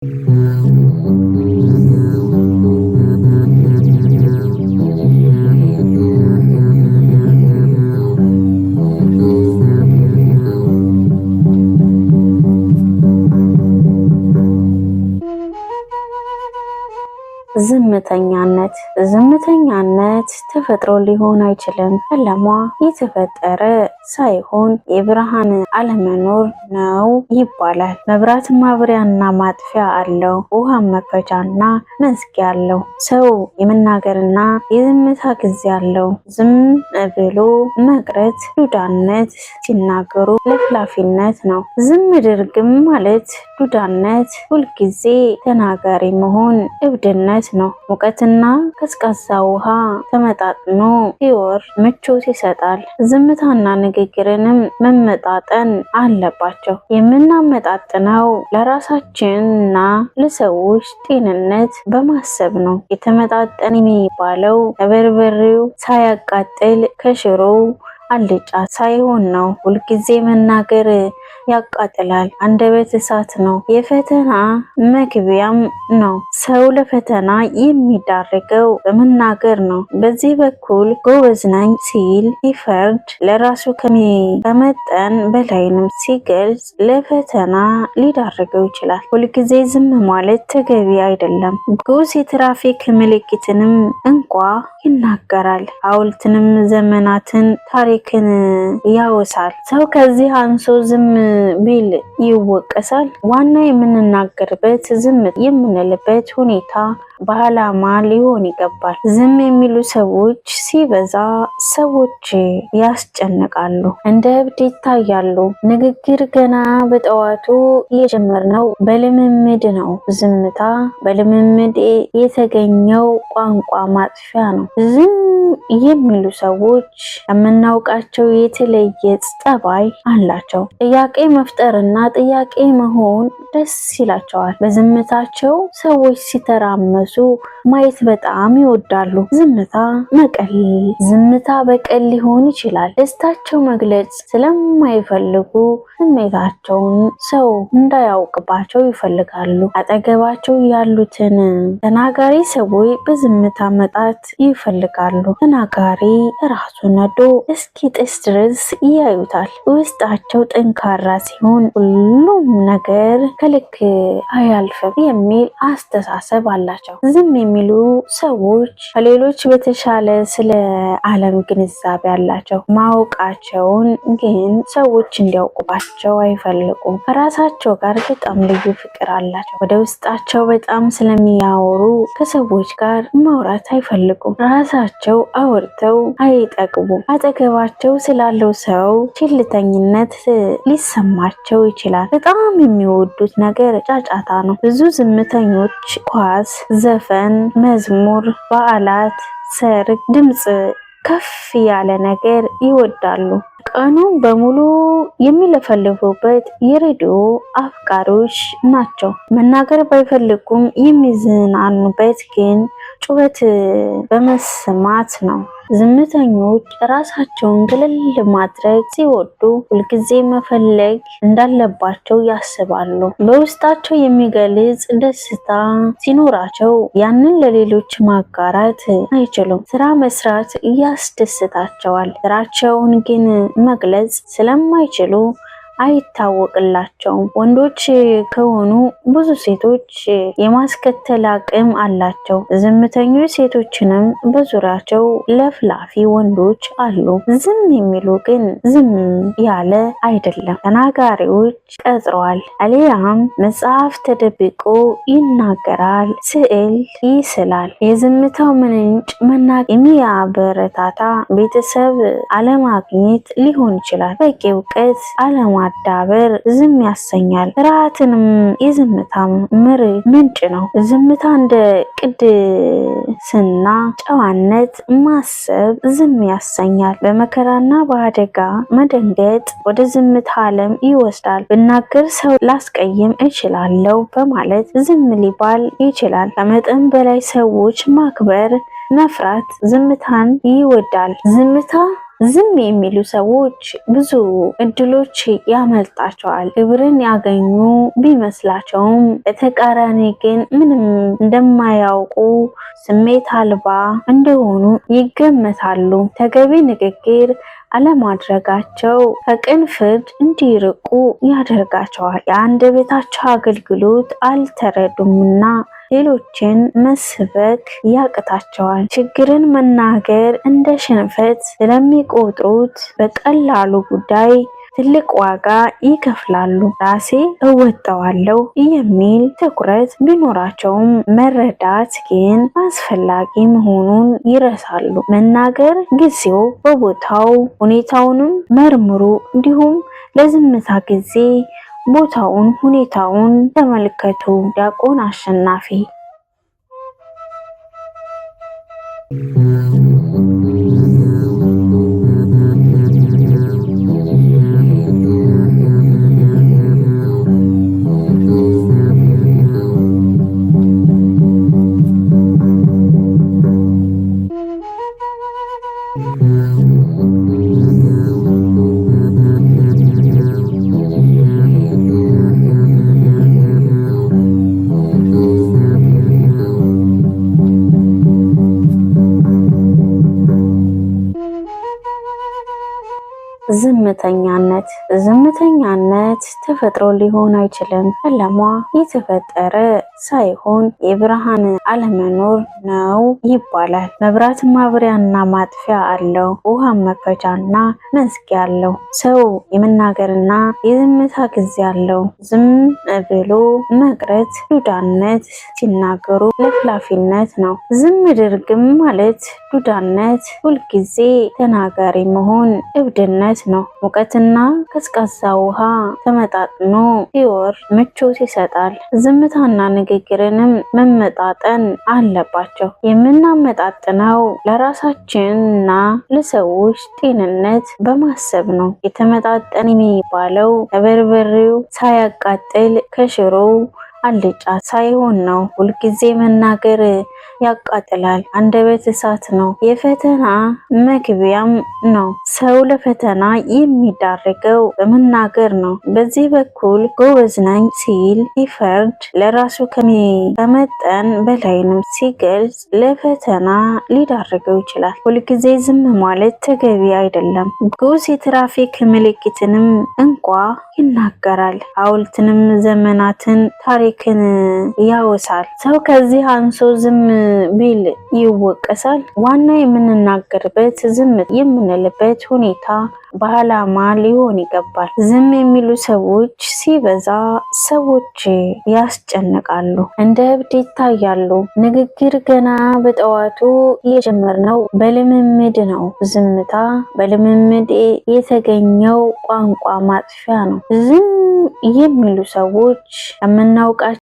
ዝምተኛነት ዝምተኛነት ተፈጥሮ ሊሆን አይችልም። ዓላማ የተፈጠረ ሳይሆን የብርሃን አለመኖር ነው ይባላል። መብራት ማብሪያና ማጥፊያ አለው። ውሃ መክፈቻና መዝጊያ አለው። ሰው የመናገርና የዝምታ ጊዜ አለው። ዝም ብሎ መቅረት ዱዳነት፣ ሲናገሩ ለፍላፊነት ነው። ዝም ድርግም ማለት ዱዳነት፣ ሁልጊዜ ተናጋሪ መሆን እብድነት ነው። ሙቀትና ቀዝቃዛ ውሃ ተመጣጥኖ ሲወር ምቾት ይሰጣል። ዝምታና ንግግርንም መመጣጠን አለባቸው። የምናመጣጥነው ለራሳችንና ለሰዎች ጤንነት በማሰብ ነው። የተመጣጠን የሚባለው ከበርበሬው ሳያቃጥል ከሽሮው አልጫ ሳይሆን ነው። ሁልጊዜ መናገር ያቃጥላል። አንደበት እሳት ነው፣ የፈተና መግቢያም ነው። ሰው ለፈተና የሚዳረገው በመናገር ነው። በዚህ በኩል ጎበዝ ነኝ ሲል ሲፈርድ ለራሱ ከመጠን በላይንም ሲገልጽ ለፈተና ሊዳርገው ይችላል። ሁልጊዜ ዝም ማለት ተገቢ አይደለም። ጉስ የትራፊክ ምልክትንም እንኳ ይናገራል። ሐውልትንም ዘመናትን ታሪክን ያወሳል። ሰው ከዚህ አንሶ ዝም ቢል ይወቀሳል። ዋና የምንናገርበት፣ ዝም የምንልበት ሁኔታ በዓላማ ሊሆን ይገባል። ዝም የሚሉ ሰዎች ሲበዛ ሰዎች ያስጨንቃሉ፣ እንደ እብድ ይታያሉ። ንግግር ገና በጠዋቱ የጀመርነው በልምምድ ነው። ዝምታ በልምምድ የተገኘው ቋንቋ ማጥፊያ ነው። ዝም የሚሉ ሰዎች የምናውቃቸው የተለየ ጠባይ አላቸው። ጥያቄ መፍጠርና ጥያቄ መሆን ደስ ይላቸዋል። በዝምታቸው ሰዎች ሲተራመሱ ሲያነሱ ማየት በጣም ይወዳሉ። ዝምታ መቀል ዝምታ በቀል ሊሆን ይችላል። ደስታቸው መግለጽ ስለማይፈልጉ ስሜታቸውን ሰው እንዳያውቅባቸው ይፈልጋሉ። አጠገባቸው ያሉትን ተናጋሪ ሰዎች በዝምታ መጣት ይፈልጋሉ። ተናጋሪ ራሱ ነዶ እስኪ ጥስ ድረስ ያዩታል። ውስጣቸው ጠንካራ ሲሆን ሁሉም ነገር ከልክ አያልፍም የሚል አስተሳሰብ አላቸው። ዝም የሚሉ ሰዎች ከሌሎች በተሻለ ስለ ዓለም ግንዛቤ ያላቸው ማወቃቸውን ግን ሰዎች እንዲያውቁባቸው አይፈልጉም። ከራሳቸው ጋር በጣም ልዩ ፍቅር አላቸው። ወደ ውስጣቸው በጣም ስለሚያወሩ ከሰዎች ጋር ማውራት አይፈልጉም። ራሳቸው አውርተው አይጠግቡም አጠገባቸው ስላለው ሰው ችልተኝነት ሊሰማቸው ይችላል። በጣም የሚወዱት ነገር ጫጫታ ነው። ብዙ ዝምተኞች ኳስ ዘፈን፣ መዝሙር፣ በዓላት፣ ሰርግ፣ ድምፅ ከፍ ያለ ነገር ይወዳሉ። ቀኑን በሙሉ የሚለፈልፉበት የሬዲዮ አፍቃሪዎች ናቸው። መናገር ባይፈልጉም የሚዝናኑበት ግን ጩኸት በመስማት ነው። ዝምተኞች ራሳቸውን ግልል ማድረግ ሲወዱ ሁልጊዜ መፈለግ እንዳለባቸው ያስባሉ። በውስጣቸው የሚገልጽ ደስታ ሲኖራቸው ያንን ለሌሎች ማጋራት አይችሉም። ስራ መስራት ያስደስታቸዋል። ስራቸውን ግን መግለጽ ስለማይችሉ አይታወቅላቸውም። ወንዶች ከሆኑ ብዙ ሴቶች የማስከተል አቅም አላቸው። ዝምተኞች ሴቶችንም በዙሪያቸው ለፍላፊ ወንዶች አሉ። ዝም የሚሉ ግን ዝም ያለ አይደለም። ተናጋሪዎች ቀጥረዋል፣ አሊያም መጽሐፍ ተደብቆ ይናገራል፣ ስዕል ይስላል። የዝምታው ምንጭ መና የሚያበረታታ ቤተሰብ አለማግኘት ሊሆን ይችላል። በቂ እውቀት አለማ ማዳበር ዝም ያሰኛል። ፍርሃትንም የዝምታም ምር ምንጭ ነው። ዝምታ እንደ ቅድስና፣ ጨዋነት፣ ማሰብ ዝም ያሰኛል። በመከራና በአደጋ መደንገጥ ወደ ዝምታ ዓለም ይወስዳል። ብናገር ሰው ላስቀይም እችላለሁ በማለት ዝም ሊባል ይችላል። ከመጠን በላይ ሰዎች ማክበር፣ መፍራት ዝምታን ይወዳል። ዝምታ ዝም የሚሉ ሰዎች ብዙ እድሎች ያመልጣቸዋል። ክብርን ያገኙ ቢመስላቸውም በተቃራኒ ግን ምንም እንደማያውቁ ስሜት አልባ እንደሆኑ ይገመታሉ። ተገቢ ንግግር አለማድረጋቸው ከቅን ፍርድ እንዲርቁ ያደርጋቸዋል። የአንደበታቸው አገልግሎት አልተረዱምና ሌሎችን መስበክ ያቅታቸዋል። ችግርን መናገር እንደ ሽንፈት ስለሚቆጥሩት በቀላሉ ጉዳይ ትልቅ ዋጋ ይከፍላሉ። ራሴ እወጣዋለሁ የሚል ትኩረት ቢኖራቸውም መረዳት ግን አስፈላጊ መሆኑን ይረሳሉ። መናገር ጊዜው በቦታው ሁኔታውንም መርምሩ፣ እንዲሁም ለዝምታ ጊዜ ቦታውን ሁኔታውን ተመልከቱ። ዲያቆን አሸናፊ ዝምተኛነት ዝምተኛነት ተፈጥሮ ሊሆን አይችልም። ጨለማ የተፈጠረ ሳይሆን የብርሃን አለመኖር ነው ይባላል። መብራት ማብሪያና ማጥፊያ አለው። ውሃ መክፈቻና መዝጊያ አለው። ሰው የመናገርና የዝምታ ጊዜ አለው። ዝም ብሎ መቅረት ዱዳነት ሲናገሩ ለፍላፊነት ነው። ዝም ድርግም ማለት ዱዳነት፣ ሁልጊዜ ተናጋሪ መሆን እብድነት ነው። ሙቀትና ቀዝቃዛ ውሃ ተመጣጥኖ ሲወር ምቾት ይሰጣል። ዝምታና ንግግርንም መመጣጠን አለባቸው። የምናመጣጥነው ለራሳችንና ለሰዎች ጤንነት በማሰብ ነው። የተመጣጠን የሚባለው ከበርበሬው ሳያቃጥል ከሽሮው አልጫ ሳይሆን ነው። ሁልጊዜ መናገር ያቃጥላል። አንደበት እሳት ነው፣ የፈተና መግቢያም ነው። ሰው ለፈተና የሚዳረገው በመናገር ነው። በዚህ በኩል ጎበዝ ነኝ ሲል ሲፈርድ ለራሱ ከመጠን በላይንም ሲገልጽ ለፈተና ሊዳርገው ይችላል። ሁልጊዜ ዝም ማለት ተገቢ አይደለም። ጉስ የትራፊክ ምልክትንም እንኳ ይናገራል። ሐውልትንም ዘመናትን ታሪክን ያወሳል። ሰው ከዚህ አንሶ ዝም ሜል ይወቀሳል። ዋና የምንናገርበት ዝም የምንልበት ሁኔታ በዓላማ ሊሆን ይገባል። ዝም የሚሉ ሰዎች ሲበዛ ሰዎች ያስጨንቃሉ፣ እንደ እብድ ይታያሉ። ንግግር ገና በጠዋቱ የጀመርነው በልምምድ ነው። ዝምታ በልምምድ የተገኘው ቋንቋ ማጥፊያ ነው። ዝም የሚሉ ሰዎች የምናውቃቸው